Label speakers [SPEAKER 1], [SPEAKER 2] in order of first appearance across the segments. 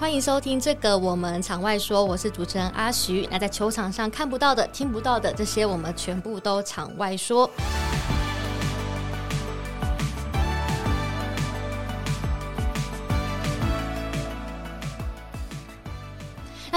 [SPEAKER 1] 歡迎收聽這個我們場外說，我是主持人阿徐。那在球場上看不到的、聽不到的這些，我們全部都場外說。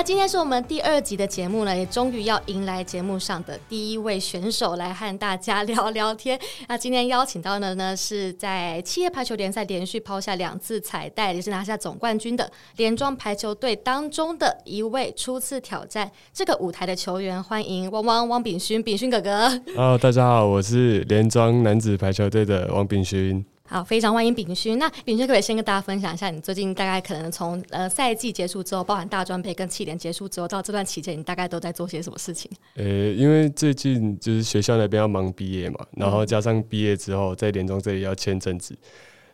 [SPEAKER 1] 那今天是我們第二集的節目呢，也終於要迎來節目上的第一位選手來和大家聊聊天。那今天邀請到的呢，是在企業排球聯賽連續拋下兩次彩帶，也是拿下總冠軍的連莊排球隊當中的一位初次挑戰這個舞台的球員，歡迎汪汪汪秉勳，秉勳哥哥。
[SPEAKER 2] Hello，大家好，我是連莊男子排球隊的汪秉勳。
[SPEAKER 1] 好，非常歡迎秉勳。那秉勳可以先跟大家分享一下，你最近大概可能從呃賽季結束之後，包含大專盃跟企聯結束之後，到這段期間，你大概都在做些什麼事情？呃、
[SPEAKER 2] 欸，因為最近就是學校那邊要忙畢業嘛，然後加上畢業之後在連莊這裡要簽證，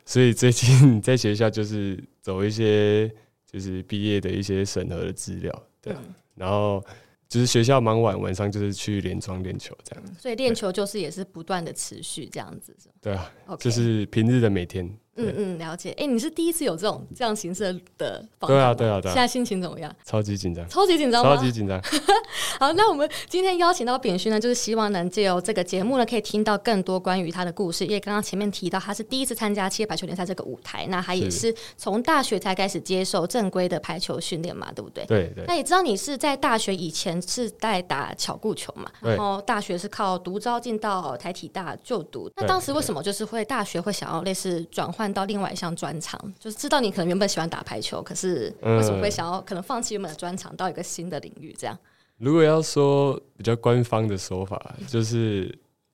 [SPEAKER 2] 所以最近在學校就是走一些就是畢業的一些審核的資料，對、啊，然後。就是學校忙完，晚上就是去連莊練球這樣。
[SPEAKER 1] 所以練球就是也是不斷的持續這樣子。對，
[SPEAKER 2] 對啊，Okay. 就是平日的每天。
[SPEAKER 1] 嗯嗯，了解。哎、欸，你是第一次有這種這樣形式的訪談？對啊對啊對、啊。現在心情怎麼樣？
[SPEAKER 2] 超級緊張。超級緊張超級緊張。
[SPEAKER 1] 好，那我們今天邀請到秉勳呢，就是希望能借由這個節目呢，可以聽到更多關於他的故事。因為剛剛前面提到，他是第一次參加企業排球聯賽這個舞台，那他也是從大學才開始接受正規的排球訓練嘛，對不對？對對，對。那也知道你是在大學以前是在打巧固球嘛，然後大學是靠獨招進到台體大就讀。對對對，那當時為什麼就是會大學會想要類似轉換？到另外一項專長，就是知道你可能原本喜歡打排球，可是為什麼會想要可能放棄原本的專長，到一個新的領域這樣？
[SPEAKER 2] 如果要說比較官方的說法，就是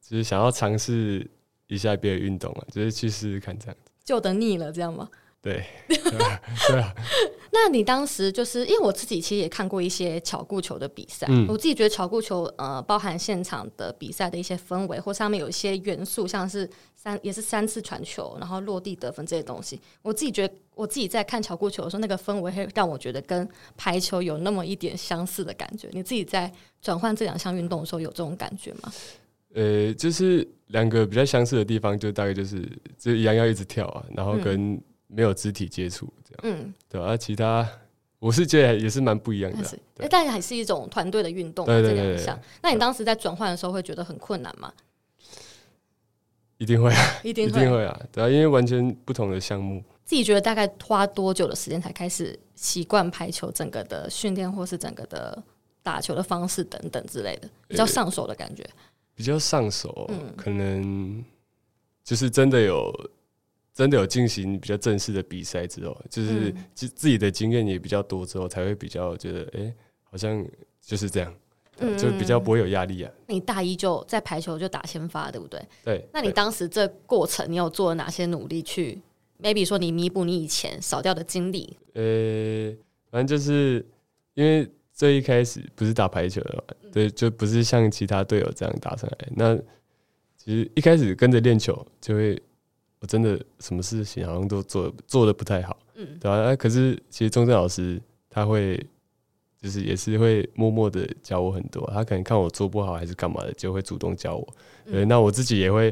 [SPEAKER 2] 就是想要嘗試一下別的運動嘛，就是去試試看這樣
[SPEAKER 1] 子，就等膩了這樣嗎？
[SPEAKER 2] 對，對啊。對啊
[SPEAKER 1] 那你當時就是因為我自己其實也看過一些巧固球的比賽，我自己覺得巧固球呃包含現場的比賽的一些氛圍，或上面有一些元素，像是三也是三次傳球，然後落地得分這些東西，我自己覺得我自己在看巧固球的時候，那個氛圍會讓我覺得跟排球有那麼一點相似的感覺。你自己在轉換這兩項運動的時候有這種感覺嗎？
[SPEAKER 2] 呃，就是兩個比較相似的地方，就大概就是就一樣要一直跳啊，然後跟。嗯沒有肢體接觸，這樣，嗯，對啊，其他我是覺得也是蠻不一樣的，啊，但是
[SPEAKER 1] 對但還是一種團隊的運動，啊，對對，對，真的很像。對對對對那，你當時在轉換的時候，會覺得很困難嗎？
[SPEAKER 2] 一定會，啊，一定會，一定會啊，對啊，因為完全不同的項目。
[SPEAKER 1] 自己覺得大概花多久的時間才開始習慣排球整個的訓練，或是整個的打球的方式等等之類的，比較上手的感覺，
[SPEAKER 2] 欸。比較上手，嗯，可能就是真的有。真的有進行比較正式的比賽之後，就是自自己的經驗也比較多之後，嗯、才會比較覺得，哎、欸，好像就是這樣，對嗯、就比較不會有壓力啊。
[SPEAKER 1] 你大一就在排球就打先發，對不對？對。對那你當時這過程，你有做了哪些努力去？maybe 說你彌補你以前少掉的經歷？
[SPEAKER 2] 呃、欸，反正就是因為這一開始不是打排球的，對，就不是像其他隊友這樣打上來。那其實一開始跟着練球就會。我真的什麼事情好像都做做的不太好，嗯對、啊，對啊。可是其實中正老師他會就是也是會默默的教我很多，他可能看我做不好還是幹嘛的，就會主動教我。呃、嗯，那我自己也會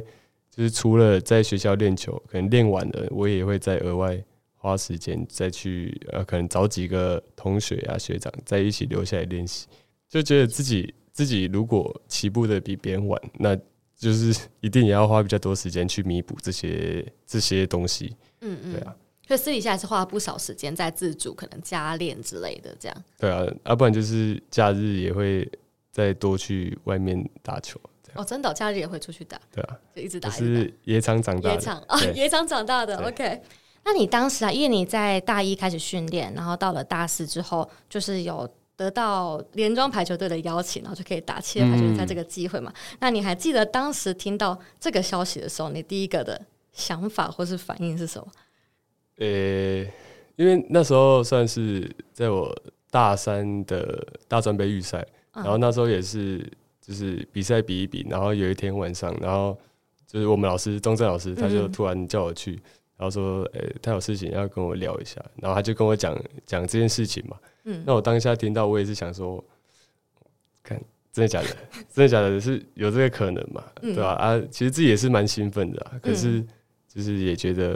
[SPEAKER 2] 就是除了在學校練球，可能練完了我也會再額外花時間再去呃、啊，可能找幾個同學啊、學長在一起留下來練習，就覺得自己自己如果起步的比別人晚，那。就是一定也要花比較多時間去彌補這些這些東西，
[SPEAKER 1] 嗯嗯，對啊，所以私底下是花了不少時間在自主可能加練之類的，這樣。
[SPEAKER 2] 對啊，要、啊、不然就是假日也會再多去外面打球。
[SPEAKER 1] 哦，真的假日也會出去打，對啊，就一直打，一打。是
[SPEAKER 2] 野場長大的，野場啊，哦、對野
[SPEAKER 1] 場長大的。OK，對對那你當時啊，因為你在大一開始訓練，然後到了大四之後，就是有，得到連莊排球隊的邀請，然後就可以打七人排球，在這個機會嘛。嗯、那你還記得當時聽到這個消息的時候，你第一個的想法或是反應是什麼？
[SPEAKER 2] 呃、欸，因為那時候算是在我大三的大專杯預賽，嗯、然後那時候也是就是比賽比一比，然後有一天晚上，然後就是我們老師東正老師，他就突然叫我去。嗯然後說、欸，他有事情要跟我聊一下，然後他就跟我講講這件事情嘛。嗯，那我當下聽到，我也是想說，看真的假的，真的假的是有這個可能嘛？嗯、對吧、啊？啊，其實自己也是蠻興奮的、啊，可是就是也覺得，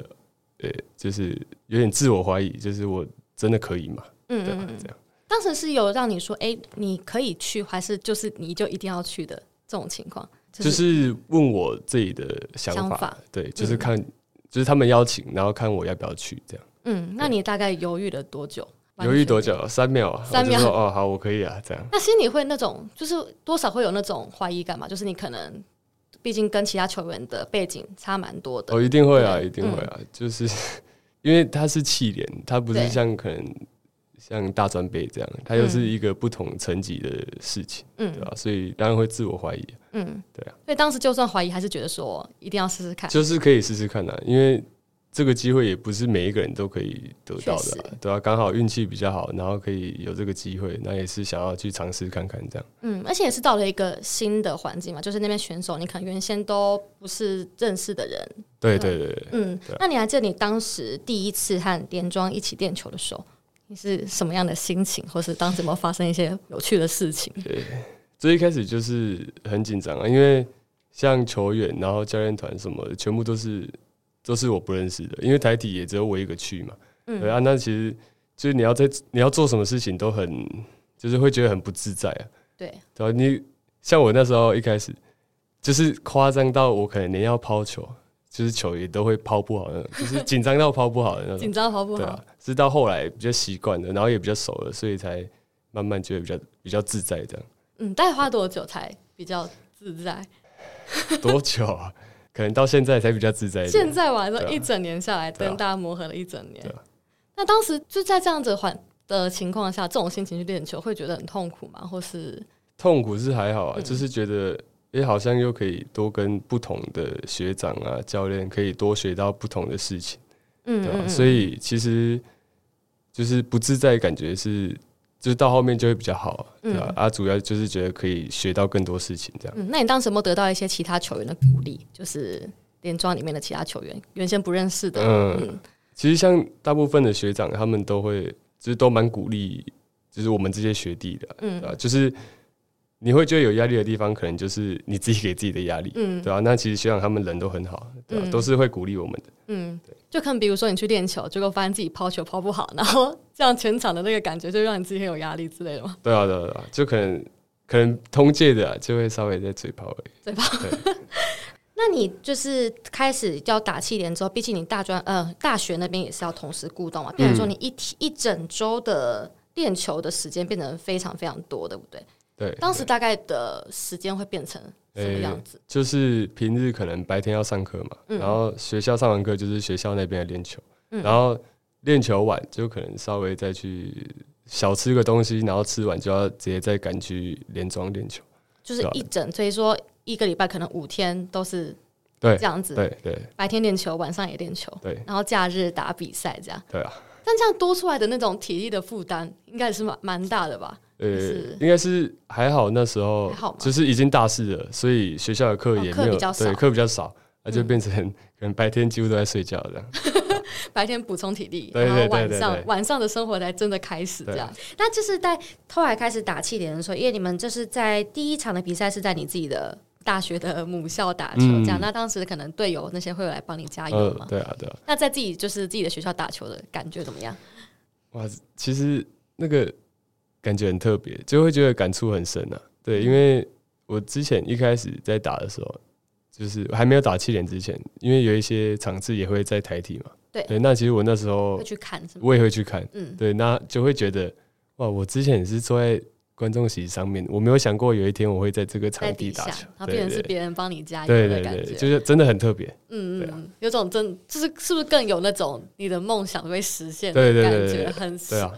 [SPEAKER 2] 呃、嗯欸，就是有點自我懷疑，就是我真的可以嗎？嗯嗯
[SPEAKER 1] 對、啊、這樣。當時是有讓你說、欸，你可以去，還是就是你就一定要去的這種情況？就是、就
[SPEAKER 2] 是問我自己的想法，想法，對，就是看。嗯就是他們邀請，然後看我要不要去這樣。
[SPEAKER 1] 嗯，那你大概猶豫了多久？猶豫多
[SPEAKER 2] 久？三秒啊！三秒，哦，好，我可以啊，這樣。
[SPEAKER 1] 那心裡會那種，就是多少會有那種懷疑感嘛？就是你可能，畢竟跟其他球員的背景差蠻多的。我
[SPEAKER 2] 一定會啊，一定會啊，就是因為他是企聯，他不是像可能。像大專杯這樣，它又是一個不同層級的事情，嗯、對吧、啊？所以當然會自我懷疑，嗯，對
[SPEAKER 1] 啊。所以當時就算懷疑，還是覺得說一定要試試看，就是
[SPEAKER 2] 可以試試看的、啊，因為這個機會也不是每一個人都可以得到的、啊，確實，對啊。剛好運氣比較好，然後可以有這個機會，那也是想要去嘗試看看這樣。
[SPEAKER 1] 嗯，而且也是到了一個新的環境嘛，就是那邊選手你可能原先都不是認識的人，
[SPEAKER 2] 對對對，對，對、啊、嗯。
[SPEAKER 1] 對啊、那你還記得你當時第一次和連莊一起練球的時候，你是什麼樣的心情，或是當時有沒有發生一些有趣的事情？對，
[SPEAKER 2] 最一開始就是很緊張啊，因為像球員、然後教練團什麼的，全部都是都是我不認識的，因為台體也只有我一個去嘛。嗯。對啊，那其實就是你要在你要做什麼事情都很，就是會覺得很不自在啊。對。對啊，你像我那時候一開始就是誇張到我可能連你要拋球。就是球也都會拋不好那種，就是緊張到拋不好的那種。緊張拋不好對、啊，對，直到後來比較習慣了，然後也比較熟了，所以才慢慢覺得比較比較自在的。嗯，
[SPEAKER 1] 大概花多久才比較自在？
[SPEAKER 2] 多久啊？可能到現在才比較自在。現在玩了、啊、一整
[SPEAKER 1] 年下來，跟大家磨合了一整年。啊啊、那當時就在這樣子緩的情況下，這種心情去練球會覺得很痛苦嗎？或是，
[SPEAKER 2] 痛苦是還好啊，嗯、就是覺得。也、欸、好像又可以多跟不同的學長啊、教練，可以多學到不同的事情，嗯，對吧？嗯，所以其實就是不自在感覺是，就是到後面就會比較好，嗯、對啊，主要就是覺得可以學到更多事情這樣、
[SPEAKER 1] 嗯。那你當時有沒有得到一些其他球員的鼓勵？嗯、就是連莊裡面的其他球員，原先不認識的。嗯，嗯，
[SPEAKER 2] 其實像大部分的學長，他們都會就是都蠻鼓勵，就是我們這些學弟的、啊，嗯啊，就是。你會覺得有壓力的地方，可能就是你自己給自己的壓力，嗯、對吧、啊？那其實學長他們人都很好，對、啊嗯、都是會鼓勵我們的，
[SPEAKER 1] 嗯，對。就可能比如說你去練球，結果發現自己拋球拋不好，然後這樣全場的那個感覺，就讓你自己很有壓力之類的嗎
[SPEAKER 2] 對、啊？對啊，對啊，就可能可能同屆的、啊、就會稍微在嘴炮而、欸、已，
[SPEAKER 1] 嘴炮。對 那你就是開始要打企聯之後，畢竟你大專呃大學那邊也是要同時顧到啊，變成說你一天、嗯、一整周的練球的時間變得非常非常多，對不對？對，當時大概的時間會變成什麼樣子、欸？
[SPEAKER 2] 就是平日可能白天要上課嘛，嗯、然後學校上完課，就是學校那邊練球，嗯、然後練球完，就可能稍微再去小吃個東西，然後吃完就要直接再趕去連莊練球。就是一
[SPEAKER 1] 整，啊、所以說一個禮拜可能五天都是這樣子，對對，對對，白天練球，晚上也練球，對，然後假日打比賽這樣，對啊。但這樣多出來的那種體力的負擔，應該是蠻蠻大的吧？
[SPEAKER 2] 呃對，是應該是還好，那時候好，就是已經大四了，所以學校的課也比較少，對，課、哦、比較少，那、嗯、就變成可能白天幾乎都在睡覺，這樣
[SPEAKER 1] 白天補充體力，對對對對對，然後晚上對對對對晚上的生活才真的開始這樣。對那就是在後來開始打企聯的時候，因為你們就是在第一場的比賽是在你自己的。嗯大學的母校打球，這樣、嗯、那當時可能隊友那些會來幫你加油嗎、哦？對啊，對啊。那在自己就是自己的學校打球的感覺怎麼樣？
[SPEAKER 2] 哇，其實那個感覺很特別，就會覺得感觸很深啊。對，因為我之前一開始在打的時候，就是還沒有打企聯之前，因為有一些場次也會在台體嘛。對對，那其實我那時候會去
[SPEAKER 1] 看，我也會去
[SPEAKER 2] 看。去看，嗯，對，那就會覺得哇，我之前也是坐在。觀眾席上面，我沒有想過有一天我會在這個場地打球，對，變成是別
[SPEAKER 1] 人幫你加油的感覺，就
[SPEAKER 2] 是真的很特別。嗯
[SPEAKER 1] 嗯，有種真就是是不是更有那種你的夢想會實現的感覺，很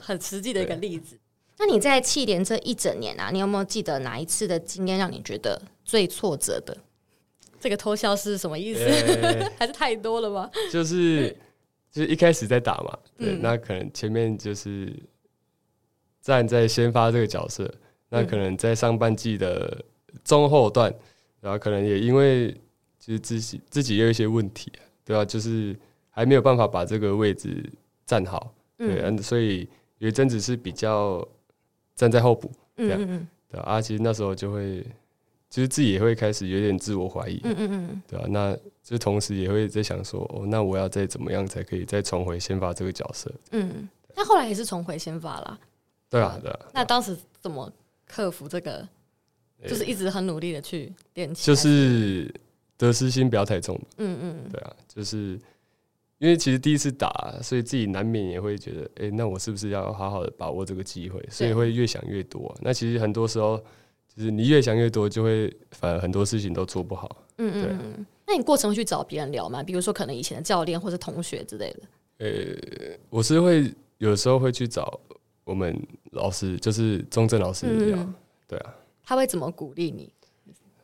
[SPEAKER 1] 很實際的一個例子。那你在企聯這一整年啊，你有沒有記得哪一次的經驗讓你覺得最挫折的？這個偷笑是什麼意思？還是太多了嗎？
[SPEAKER 2] 就是就是一開始在打嘛，對，那可能前面就是。站在先發這個角色，那可能在上半季的中後段，嗯、然後可能也因為就是自己自己有一些問題，對啊，就是還沒有辦法把這個位置站好，嗯對，所以有一陣子是比較站在候補，嗯嗯，嗯啊，啊，其實那時候就會，就是自己也會開始有點自我懷疑，嗯嗯嗯對、啊、那就同時也會在想說、哦，那我要再怎麼樣才可以再重回先發這個角色？嗯，
[SPEAKER 1] 那對後來也是重回先發了。對啊，對。啊，啊那當時怎麼克服這個？欸、就是一直很努力的去練球，就是
[SPEAKER 2] 得失心不要太重。嗯嗯。對啊，就是因為其實第一次打，所以自己難免也會覺得，哎、欸，那我是不是要好好的把握這個機會？所以會越想越多。啊。對 那其實很多時候，就是你越想越多，就會反而很多事情都做不好。嗯嗯。
[SPEAKER 1] 對 那你過程會去找別人聊嗎？比如說，可能以前的教練或者同學之類的。
[SPEAKER 2] 呃、欸，我是會有時候會去找。我們老師就是中正老師聊，嗯、對啊，
[SPEAKER 1] 他會怎麼鼓勵你？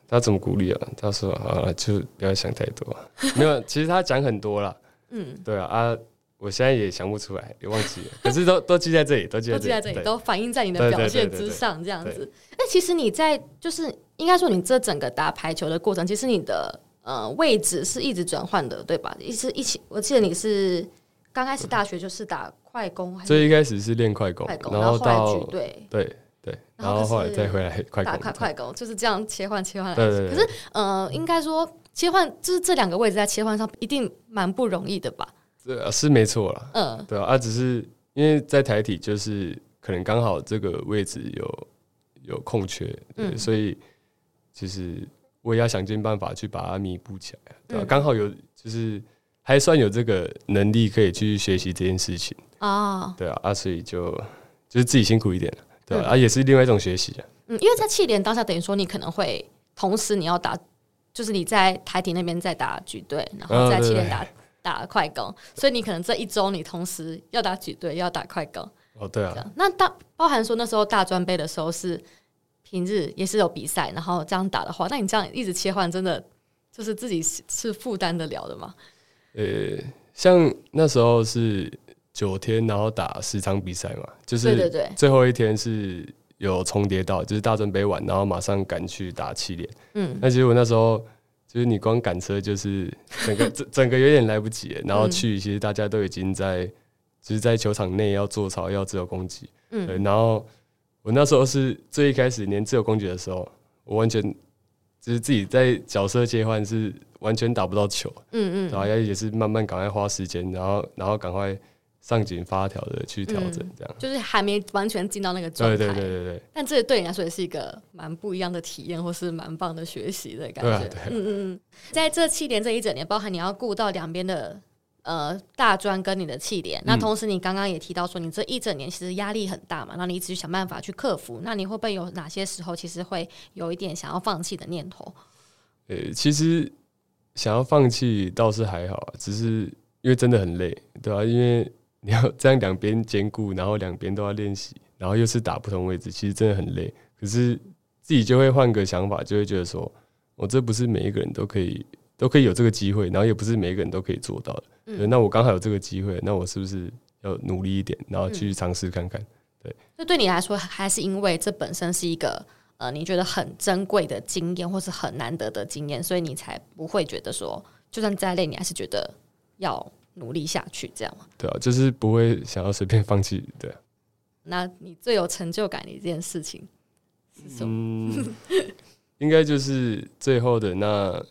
[SPEAKER 2] 他怎麼鼓勵啊？他說啊，就不要想太多。 沒有，其實他講很多了。 嗯，對啊，啊，我現在也想不出來，也忘記了。 可是都都記在這裡，都記在這裡，都，都
[SPEAKER 1] 反映在你的表現之上，這樣子。對對對對，那其實你在就是應該說，你這整個打排球的過程，其實你的呃位置是一直轉換的，對吧？一直一起，我記得你是剛開始大學就是打、嗯。快攻，所以一
[SPEAKER 2] 開始是練快攻，快攻然後後對對對，然後後來再回來快快快
[SPEAKER 1] 攻，對就是這樣切換切換。對對對對，可是呃，應該說切換就是這兩個位置在切換上一定蠻不容易的吧？
[SPEAKER 2] 對、啊，是沒錯啦。嗯對、啊，對啊，只是因為在台體就是可能剛好這個位置有有空缺，對嗯哼，所以就是我也要想盡辦法去把它彌補起來。對、啊，剛、嗯、哼 好有就是還算有這個能力可以去學習這件事情。啊，對啊，啊，所以就就是自己辛苦一點，對啊，嗯、啊也是另外一種學習。嗯，
[SPEAKER 1] 因為在企聯當下，等於說你可能會同時你要打，就是你在台體那邊再打舉隊，然後再在企聯打、哦、對對對打快攻，所以你可能這一週你同時要打舉隊，要打快攻。哦，對啊。那大包含說那時候大專盃的時候是平日也是有比賽，然後這樣打的話，那你這樣一直切換，真的就是自己是負擔得了的嗎？
[SPEAKER 2] 呃、欸，像那時候是。九天，然後打十場比賽嘛，就是最後一天是有重疊到，就是大專盃完，然後馬上趕去打企聯。嗯，那其實我那時候，就是你光趕車，就是整個 整個有點來不及。然後去，其實大家都已經在，就是在球場內要做操，要自由攻擊。嗯，然後我那時候是最一開始練自由攻擊的時候，我完全就是自己在角色切換，是完全打不到球。嗯嗯，然後也是慢慢趕快花時間，然後然後趕快。上緊發條的去調整，這樣、嗯、就
[SPEAKER 1] 是還沒完全進到那個狀態。對對對對，但這對你來說也是一個蠻不一樣的體驗，或是蠻棒的學習的感覺。嗯、啊啊啊、嗯嗯，在這企聯這一整年，包含你要顧到兩邊的呃大專跟你的企聯。嗯、那同時，你剛剛也提到說，你這一整年其實壓力很大嘛，那你一直想辦法去克服。那你會不會有哪些時候，其實會有一點想要放棄的念頭？
[SPEAKER 2] 呃、欸，其實想要放棄倒是還好，只是因為真的很累，對吧、啊？因為你要這樣兩邊兼顧，然後兩邊都要練習，然後又是打不同位置，其實真的很累。可是自己就會換個想法，就會覺得說，我、哦、這不是每一個人都可以，都可以有這個機會，然後也不是每一個人都可以做到的。嗯、對，那我剛好有這個機會，那我是不是要努力一點，然後去嘗試看看？嗯、對。
[SPEAKER 1] 那對你來說，還是因為這本身是一個呃，你覺得很珍貴的經驗，或是很難得的經驗，所以你才不會覺得說，就算再累，你還是覺得要。努力下去，這樣嘛？
[SPEAKER 2] 對啊，就是不會想要隨便放棄，對、
[SPEAKER 1] 啊。那你最有成就感的一件事情是什
[SPEAKER 2] 麼、嗯？ 應該就是最後的，那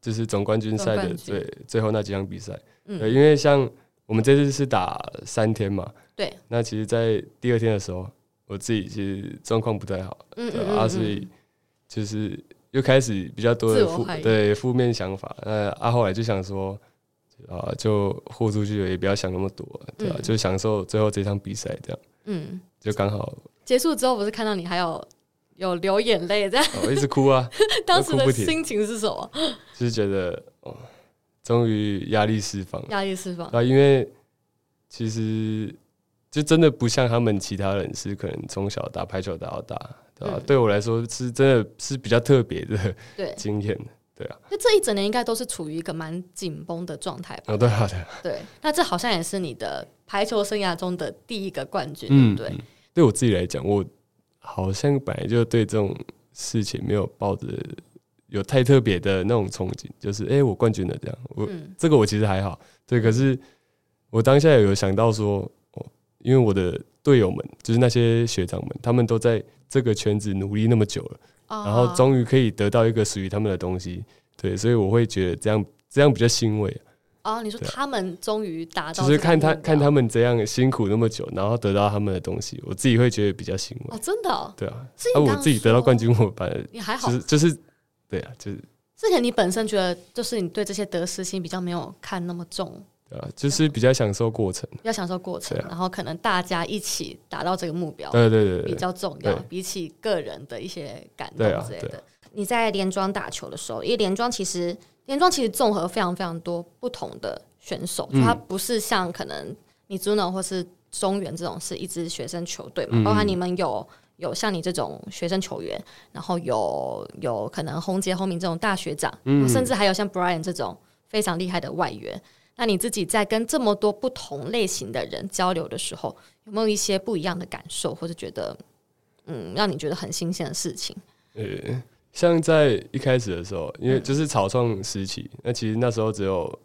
[SPEAKER 2] 就是總冠軍賽的最最後那幾場比賽。嗯、對，因為像我們這次是打三天嘛，對。那其實，在第二天的時候，我自己其實狀況不太好，嗯，嗯，嗯，嗯啊，所以就是又開始比較多的負對負面想法，呃，啊，後來就想說。啊，就豁出去了，也不要想那麼多、啊，對吧、啊？嗯、就享受最後這場比賽這樣。嗯，就剛好
[SPEAKER 1] 結束之後，不是看到你還有有流眼淚這樣，我一
[SPEAKER 2] 直哭啊。
[SPEAKER 1] 當時的心情是什麼？就
[SPEAKER 2] 是覺得哦，終於壓力釋放，放，壓力釋放啊！因為其實就真的不像他們其他人，是可能從小打排球打到大，對、啊嗯、對我來說是真的是比較特別的對經驗。對
[SPEAKER 1] 啊，就這一整年應該都是處於一個蠻緊繃的狀態吧、哦。好的好的。對啊對啊、對，那這好像也是你的排球生涯中的第一個冠軍，嗯、對,對。
[SPEAKER 2] 對我自己來講，我好像本來就對這種事情沒有抱着有太特別的那種憧憬，就是哎、欸，我冠軍了這樣。我、嗯、這個我其實還好，對。可是我當下有想到說，哦，因為我的隊友們，就是那些學長們，他們都在這個圈子努力那麼久了。然後終於可以得到一個屬於他們的東西，對，所以我會覺得這樣這樣比較欣慰
[SPEAKER 1] 啊，啊！你說他們終於達到、啊，就是看他
[SPEAKER 2] 看他們這樣辛苦那麼久，然後得到他們的東西，我自己會覺得比較欣慰啊、
[SPEAKER 1] 哦！真的、哦，對
[SPEAKER 2] 啊，剛剛啊，我自己得到冠軍我，我反而也還好，就是就是對啊，就是
[SPEAKER 1] 之前你本身覺得就是你對這些得失心比較沒有看那麼重。
[SPEAKER 2] Yeah, 就是比較享受過程，要享受過程，啊、然
[SPEAKER 1] 後可能大家一起達到這個目標，對，對對對，比較重要，對比起個人的一些感動之類的。啊啊、你在聯莊打球的時候，因為聯莊其實聯莊其實綜合非常非常多不同的選手，他、嗯、不是像可能 Mizuno 或是中原這種是一支學生球隊嘛，包括你們有、嗯、有像你這種學生球員，然後有有可能洪杰、洪明這種大學長，嗯、甚至還有像 Brian 這種非常厲害的外援。那你自己在跟這麼多不同類型的人交流的時候，有沒有一些不一樣的感受，或者覺得嗯，讓你覺得很新鮮的事情？呃，
[SPEAKER 2] 像在一開始的時候，因為就是草創時期，嗯、那其實那時候只有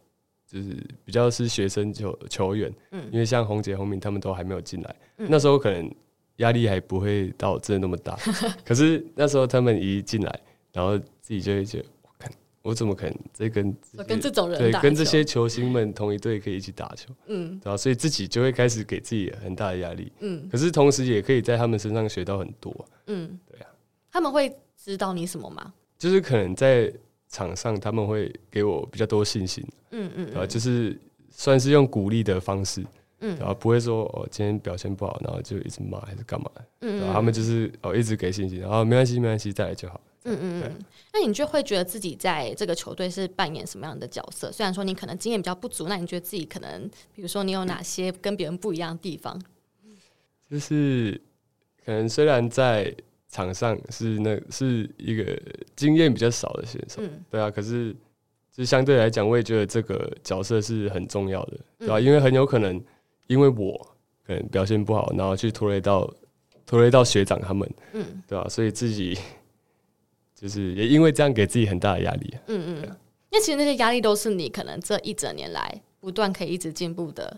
[SPEAKER 2] 就是比較是學生球球員，嗯，因為像洪杰、洪明他們都還沒有進來，嗯、那時候可能壓力還不會到真的那麼大。 可是那時候他們一進來，然後自己就會覺我怎麼可能？再跟
[SPEAKER 1] 跟這種人打，對，跟這些
[SPEAKER 2] 球星們同一隊可以一起打球，嗯，然後、啊、所以自己就會開始給自己很大的壓力，嗯。可是同時也可以在他們身上學到很多，嗯，
[SPEAKER 1] 對啊。他們會指導你什麼嗎？
[SPEAKER 2] 就是可能在場上，他們會給我比較多信心，嗯嗯啊，就是算是用鼓勵的方式。然後、嗯啊、不會說哦，今天表現不好，然後就一直罵還是幹嘛？嗯，然後他們就是哦，一直給信心，然後沒關係，沒關係，再來就好。
[SPEAKER 1] 嗯、啊啊、嗯嗯。那你就會覺得自己在這個球隊是扮演什麼樣的角色？雖然說你可能經驗比較不足，那你覺得自己可能，比如說你有哪些跟別人不一樣的地方？
[SPEAKER 2] 就是可能雖然在場上是那個、是一個經驗比較少的選手，嗯、對啊，可是就相對來講，我也覺得這個角色是很重要的，對吧、啊？因為很有可能。因為我可能表現不好，然後去拖累到拖累到學長他們，嗯，對啊，所以自己就是也因為這樣給自己很大的壓力，
[SPEAKER 1] 嗯嗯。那、啊、其實那些壓力都是你可能這一整年來不斷可以一直進步的，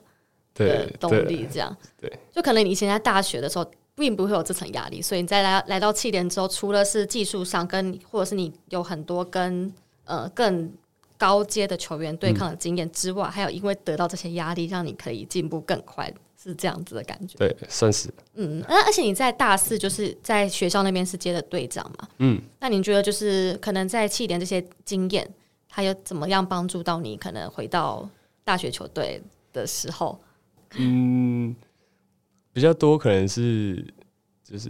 [SPEAKER 1] 對的動力這樣。對，對就可能你以前在大學的時候，並不會有這層壓力，所以你再來來到企聯之後，除了是技術上跟，或者是你有很多跟呃更。高階的球員對抗的經驗之外，嗯、還有因為得到這些壓力，讓你可以進步更快，是這樣子的感覺。
[SPEAKER 2] 對，算是。嗯，
[SPEAKER 1] 而而且你在大四就是在學校那邊是接的隊長嘛。嗯。那你覺得就是可能在企聯這些經驗，還有怎麼樣幫助到你？可能回到大學球隊的時候，嗯，
[SPEAKER 2] 比較多可能是就是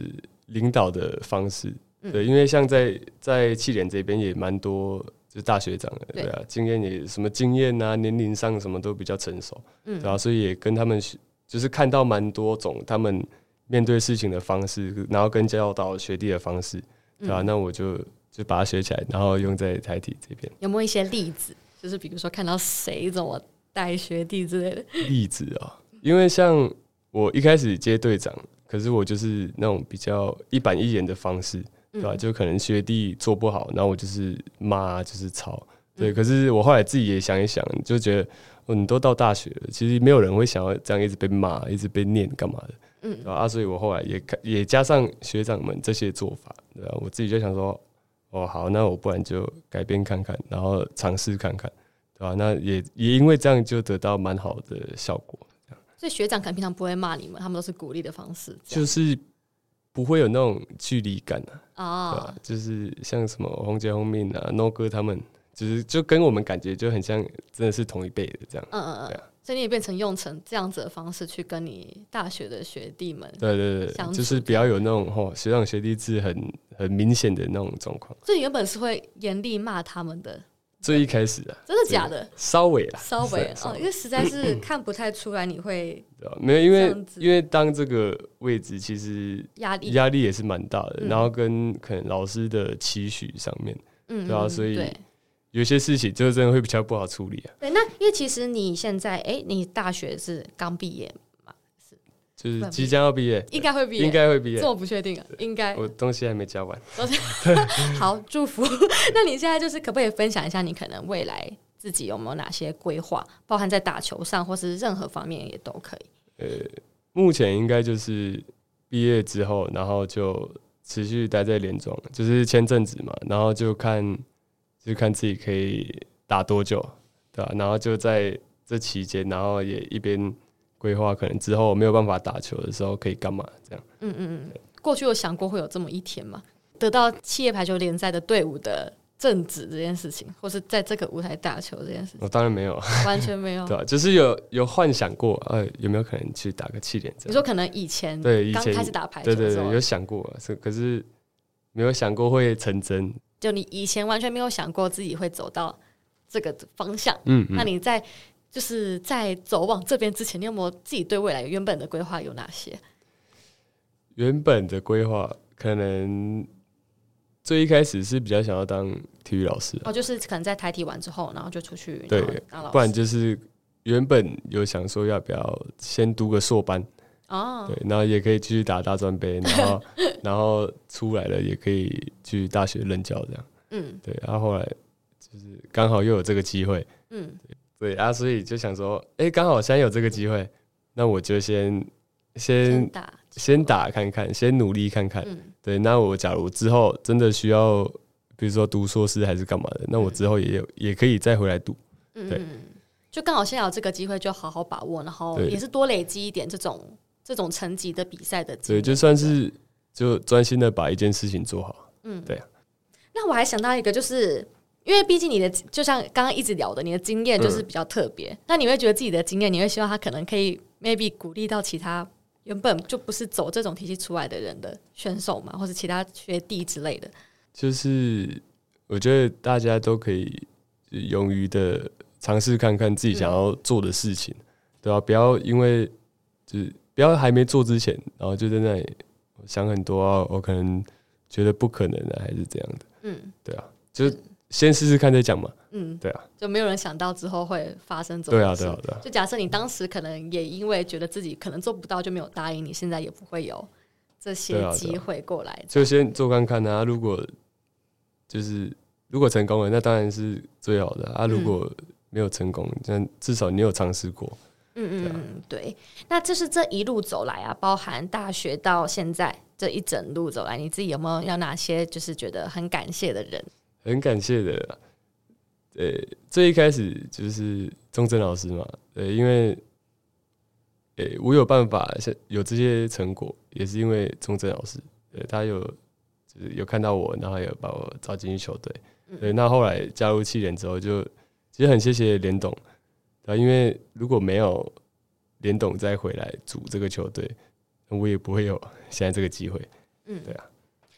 [SPEAKER 2] 領導的方式。嗯、對，因為像在在企聯這邊也蠻多。就大學長了，對，對啊，經驗也什麼經驗啊，年齡上什麼都比較成熟，然後、嗯啊、所以也跟他們學就是看到蠻多種他們面對事情的方式，然後跟教導學弟的方式，對啊，嗯、那我就就把它學起來，然後用在台體這邊。
[SPEAKER 1] 有沒有一些例子？就是比如說看到誰怎麼帶學弟之類的
[SPEAKER 2] 例子啊、哦？因為像我一開始接隊長，可是我就是那種比較一板一眼的方式。對吧？就可能學弟做不好，然後我就是罵，就是吵。對，嗯、可是我後來自己也想一想，就覺得我們、哦、都到大學了，其實沒有人會想要這樣一直被罵，一直被念幹嘛的。嗯，啊，所以我後來也也加上學長們這些做法，對吧？我自己就想說，哦，好，那我不然就改變看看，然後嘗試看看，對吧？那也也因為這樣就得到蠻好的效果，這
[SPEAKER 1] 樣。所以學長可能平常不會罵你們，他們都是鼓勵的方式。就
[SPEAKER 2] 是。不會有那種距離感啊，oh. 對啊，就是像什麼紅姐紅妹啊諾哥他們，就是就跟我們感覺就很像，真的是同一輩的這樣，嗯
[SPEAKER 1] 嗯嗯，所以你也變成用成這樣子的方式去跟你大學的學弟們，
[SPEAKER 2] 對對對，就是比較有那種、哦、學長學弟制很很明顯的那種狀況，
[SPEAKER 1] 所以原本是會嚴厲罵他們的。
[SPEAKER 2] 對最一開始啊，真的假的？稍微啦，稍微哦，因為實在是
[SPEAKER 1] 看不太出來你會這
[SPEAKER 2] 樣子 沒有，因為因為當這個位置其實壓力壓力也是蠻大的，力然後跟可能老師的期許上面，嗯，對啊，所以有些事情就真的會比較不好處理啊。
[SPEAKER 1] 對，那因為其實你現在哎、欸，你大學是剛畢業。
[SPEAKER 2] 就是即將要畢業，對應該會畢業，應該會畢業，這我不
[SPEAKER 1] 確定啊？對應該該我
[SPEAKER 2] 東西還沒交完，東
[SPEAKER 1] 西對好祝福。 那你現在就是可不可以分享一下，你可能未來自己有沒有哪些規劃，包含在打球上或是任何方面也都可以？
[SPEAKER 2] 呃，目前應該就是畢業之後，然後就持續待在連莊，就是簽陣子嘛，然後就看就看自己可以打多久，對吧、啊？然後就在這期間，然後也一邊。規劃可能之後沒有辦法打球的時候可以幹嘛？這樣。嗯嗯
[SPEAKER 1] 嗯。對過去有想過會有這麼一天嗎？得到企業排球聯賽的隊伍的正職這件事情，或是在這個舞台打球這件事情。
[SPEAKER 2] 我、哦、當然沒有，完全沒有。 對、啊，就是有有幻想過，哎，有沒有可能去打個企聯？你說
[SPEAKER 1] 可能以前對剛開始打排球的時候對對對對有
[SPEAKER 2] 想過，可是沒有想過會成真。
[SPEAKER 1] 就你以前完全沒有想過自己會走到這個方向，嗯,嗯，那你在。就是在走往這邊之前，你有沒有自己對未來原本的規劃有哪些？
[SPEAKER 2] 原本的規劃可能最一開始是比較想要當體育老師
[SPEAKER 1] 哦，就是可能在台體完之後，然後就出去。對，不然就
[SPEAKER 2] 是原本有想說要不要先讀個碩班哦，對，然後也可以繼續打大專杯，然後 然後出來了也可以去大學任教這樣，嗯，對，然後後來就是剛好又有這個機會，嗯。對啊，所以就想說，哎、欸，剛好現在有這個機會，嗯、那我就先先，先打先打看看，先努力看看。嗯、對，那我假如之後真的需要，比如說讀碩士還是幹嘛的，那我之後也有、嗯、也可以再回來讀。嗯、對，
[SPEAKER 1] 就剛好現在有這個機會，就好好把握，然後也是多累積一點這種對這種層級的比賽的。對，就
[SPEAKER 2] 算是就專心的把一件事情做好。
[SPEAKER 1] 嗯，對嗯那我還想到一個，就是。因為畢竟你的就像剛剛一直聊的，你的經驗就是比較特別，嗯、那你會覺得自己的經驗，你會希望他可能可以 maybe 鼓勵到其他原本就不是走這種體系出來的人的選手嘛，或者其他學弟之類的。
[SPEAKER 2] 就是我覺得大家都可以勇於的嘗試看看自己想要做的事情，嗯、對吧、啊？不要因為就是不要還沒做之前，然後就在那裡想很多，啊，我可能覺得不可能的、啊，還是這樣的。嗯，對啊，就、嗯先試試看再講嘛。嗯，對啊，
[SPEAKER 1] 就沒有人想到之後會發生這種事。對啊，對啊，對啊。就假設你當時可能也因為覺得自己可能做不到，就沒有答應。嗯、你現在也不會有這些機會過來。
[SPEAKER 2] 就先做看看啊！如果就是如果成功了，那當然是最好的啊！嗯、如果沒有成功，但至少你有嘗試過。啊、嗯嗯
[SPEAKER 1] 對。那這是這一路走來啊，包含大學到現在這一整路走來，你自己有沒有要哪些就是覺得很感謝的人？
[SPEAKER 2] 很感謝的啦，呃，最一開始就是鍾真老師嘛，對，因為，呃、欸，我有辦法有這些成果，也是因為鍾真老師，對他有就是有看到我，然後有把我招進去球隊，對，那後來加入企聯之後就，就其實很謝謝連董，然後因為如果沒有連董再回來組這個球隊，我也不會有現在這個機會，嗯，對啊。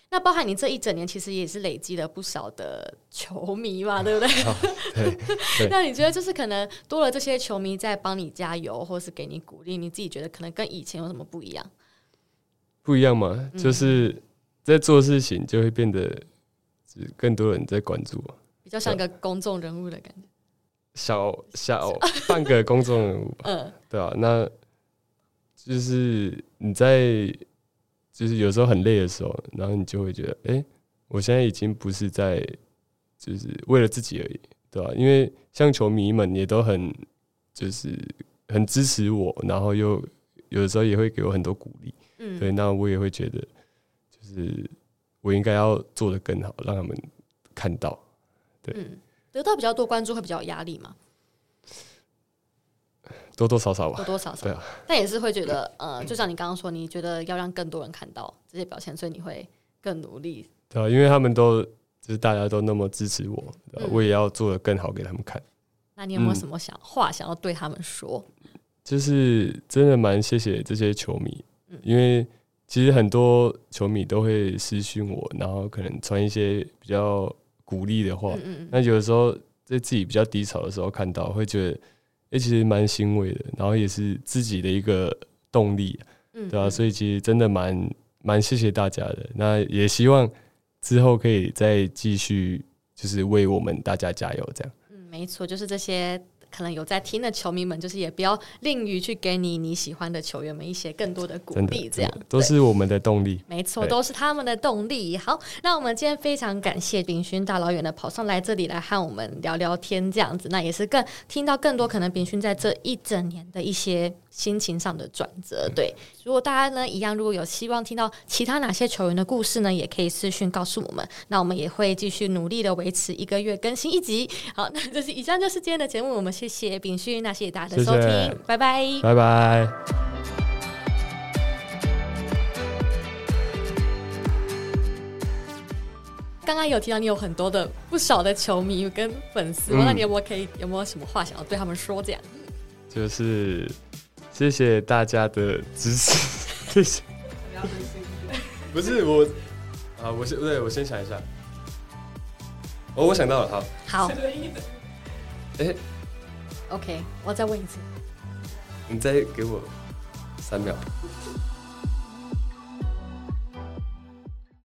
[SPEAKER 1] 那包含你這一整年，其實也是累積了不少的球迷嘛，對不對？啊、對對 那你覺得就是可能多了這些球迷在幫你加油，或是給你鼓勵，你自己覺得可能跟以前有什麼不一樣？
[SPEAKER 2] 不一樣嗎？就是在做事情就會變得更多人在關注，啊
[SPEAKER 1] 嗯，比較像一個公眾人物的感覺，
[SPEAKER 2] 小小 半個公眾人物吧，嗯，對啊。那就是你在。就是有時候很累的時候，然後你就會覺得，哎，我現在已經不是在就是為了自己而已，對吧？因為像球迷們也都很，就是很支持我，然後又有的時候也會給我很多鼓勵，嗯，對，那我也會覺得，就是我應該要做得更好，讓他們看到，對，
[SPEAKER 1] 嗯，得到比較多關注會比較有壓力嗎？
[SPEAKER 2] 多多少少吧，多多少少，對啊、
[SPEAKER 1] 但也是會覺得，呃，就像你剛剛說，你覺得要讓更多人看到這些表現，所以你會更努力，
[SPEAKER 2] 對啊，因為他們都就是大家都那麼支持我，我也要做得更好給他們看、
[SPEAKER 1] 嗯。那你有沒有什麼想、嗯、話想要對他們說？
[SPEAKER 2] 就是真的蠻謝謝這些球迷，嗯、因為其實很多球迷都會私訊我，然後可能傳一些比較鼓勵的話。嗯嗯，那有的時候在自己比較低潮的時候看到，會覺得。欸、其實蠻欣慰的，然後也是自己的一個動力，對吧、啊？嗯嗯所以其實真的蠻蠻謝謝大家的，那也希望之後可以再繼續，就是為我們大家加油，這樣。
[SPEAKER 1] 嗯，沒錯，就是這些。可能有在聽的球迷們，就是也不要吝於去給你你喜歡的球員們一些更多的鼓勵，這樣
[SPEAKER 2] 都是我們的動力。沒錯，對都
[SPEAKER 1] 是他們的動力。好，那我們今天非常感謝秉勳大老遠的跑上來這裡來和我們聊聊天，這樣子，那也是更聽到更多可能秉勳在這一整年的一些心情上的轉折，對。如果大家呢一樣，如果有希望聽到其他哪些球員的故事呢，也可以私訊告訴我們。那我們也會繼續努力的，維持一個月更新一集。好，那就是以上就是今天的節目。我們謝謝秉勳，那謝謝大家的收聽，謝謝。拜拜，拜拜。剛剛有提到你有很多的不少的球迷跟粉絲，那你有沒有可以、嗯、有沒有什麼話想要對他們說？這樣
[SPEAKER 2] 就是。謝謝大家的支持， 謝謝。不是我，啊，我先不對，我先想一下。哦，我想到了，好。
[SPEAKER 1] 好。哎。OK，我再問一次。
[SPEAKER 2] 你再給我三秒。